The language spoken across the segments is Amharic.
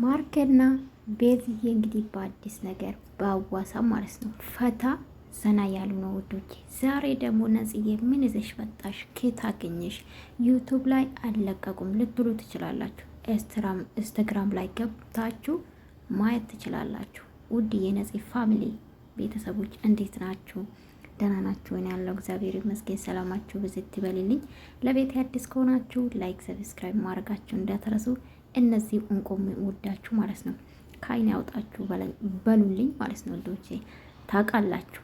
ማርክና ቤዝዬ እንግዲህ በአዲስ ነገር በአዋሳ ማለት ነው ፈታ ዘና ያሉ ነው ውዶች። ዛሬ ደግሞ ነጽዬ ምን ይዘሽ መጣሽ? ኬት አገኘሽ? ዩቱብ ላይ አልለቀቁም ልትሉ ትችላላችሁ። ኢንስታግራም ላይ ገብታችሁ ማየት ትችላላችሁ። ውድ የነጽ ፋሚሊ ቤተሰቦች እንዴት ናችሁ? ደህና ናችሁ? እኔ ያለው እግዚአብሔር ይመስገን። ሰላማችሁ ብዝት ይበልልኝ። ለቤት አዲስ ከሆናችሁ ላይክ፣ ሰብስክራይብ ማድረጋችሁ እንዳትረሱ። እነዚህ እንቆም ወዳችሁ ማለት ነው ከአይን ያውጣችሁ በሉልኝ ማለት ነው። ወዶቼ ታውቃላችሁ፣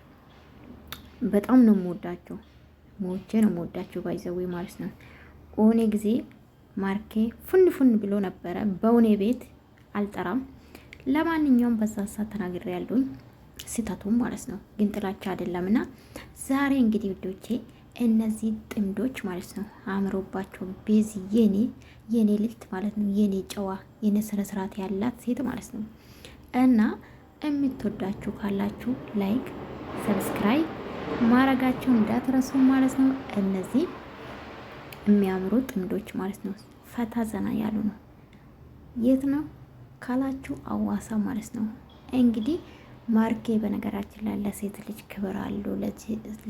በጣም ነው የምወዳችሁ፣ ሞቼ ነው የምወዳችሁ ባይዘዌ ማለት ነው። ኦኔ ጊዜ ማርኬ ፉን ፉን ብሎ ነበረ። በውኔ ቤት አልጠራም። ለማንኛውም በዛ ሰዓት ተናግሬ ያለሁኝ ስህተቱም ማለት ነው፣ ግን ጥላቻ አይደለም። እና ዛሬ እንግዲህ ውዶቼ እነዚህ ጥንዶች ማለት ነው አምሮባቸው ቤዚ የኔ የኔ ልልት ማለት ነው የኔ ጨዋ የኔ ስነስርዓት ያላት ሴት ማለት ነው። እና የምትወዳችሁ ካላችሁ ላይክ፣ ሰብስክራይብ ማረጋቸው እንዳትረሱ ማለት ነው። እነዚህ የሚያምሩ ጥንዶች ማለት ነው ፈታ ዘና ያሉ ነው። የት ነው ካላችሁ አዋሳ ማለት ነው እንግዲህ ማርኬ በነገራችን ላይ ለሴት ልጅ ክብር አለው።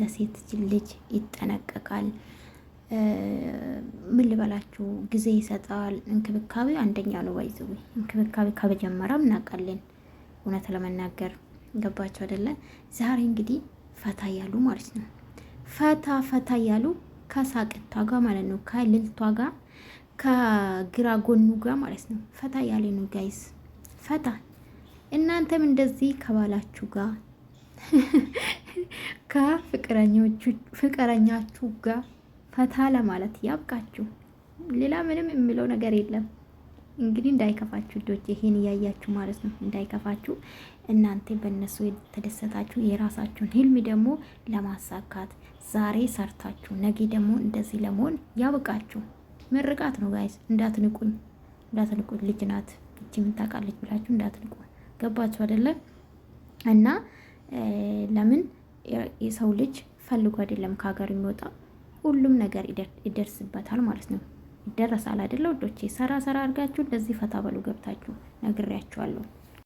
ለሴት ልጅ ይጠነቀቃል። ምን ልበላችሁ፣ ጊዜ ይሰጠዋል። እንክብካቤ አንደኛ ነው። ባይዘ እንክብካቤ ከመጀመሪያም እናውቃለን። እውነት ለመናገር ገባቸው አይደለ? ዛሬ እንግዲህ ፈታ እያሉ ማለት ነው። ፈታ ፈታ እያሉ ከሳቅቷ ጋር ማለት ነው፣ ከልልቷ ጋር ከግራ ጎኑ ጋር ማለት ነው። ፈታ እያለ ነው ጋይስ ፈታ እናንተም እንደዚህ ከባላችሁ ጋር ከፍቅረኛችሁ ጋር ፈታ ለማለት ያብቃችሁ። ሌላ ምንም የምለው ነገር የለም። እንግዲህ እንዳይከፋችሁ ዶች ይሄን እያያችሁ ማለት ነው። እንዳይከፋችሁ እናንተ በእነሱ የተደሰታችሁ የራሳችሁን ህልም ደግሞ ለማሳካት ዛሬ ሰርታችሁ ነገ ደግሞ እንደዚህ ለመሆን ያብቃችሁ። ምርቃት ነው ጋይስ፣ እንዳትንቁኝ፣ እንዳትንቁኝ። ልጅ ናት ብላችሁ እንዳትንቁ። ገባችሁ አይደለም? እና ለምን የሰው ልጅ ፈልጎ አይደለም ከሀገር የሚወጣ ሁሉም ነገር ይደርስበታል ማለት ነው። ይደረሳል አይደለ? ወዶቼ ሰራ ሰራ አድርጋችሁ እንደዚህ ፈታ በሉ ገብታችሁ ነግሬያችኋለሁ።